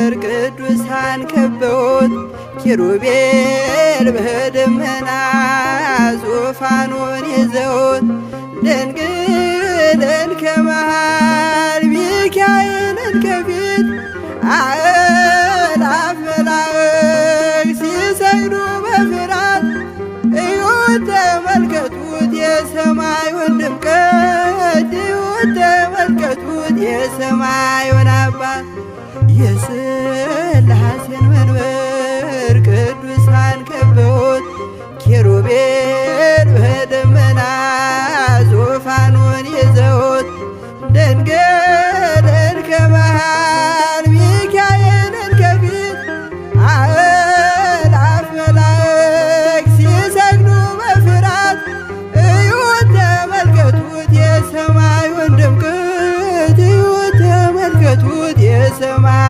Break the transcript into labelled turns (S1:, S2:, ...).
S1: ሲያከብር ቅዱሳን ከበውት ኪሩቤል በደመና ዙፋኑን ይዘውት ድንግልን ከመሃል ሚካኤልን ከፊት አእላፍ መላእክት ሲሰግዱ በፍራት እዩት ተመልከቱት የሰማዩን ድምቀት እዩት ተመልከቱት የሰማዩን አባት የሥላሴን መንበር ቅዱሳን